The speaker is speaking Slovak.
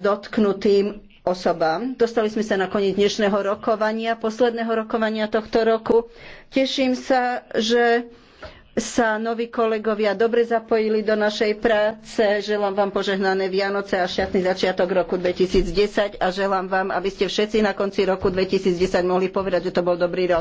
dotknutým osobám. Dostali sme sa na koniec dnešného rokovania, posledného rokovania tohto roku. Teším sa, že sa noví kolegovia dobre zapojili do našej práce. Želám vám požehnané Vianoce a šťastný začiatok roku 2010 a želám vám, aby ste všetci na konci roku 2010 mohli povedať, že to bol dobrý rok.